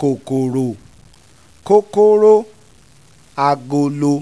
kòkòrò kòkòrò agolo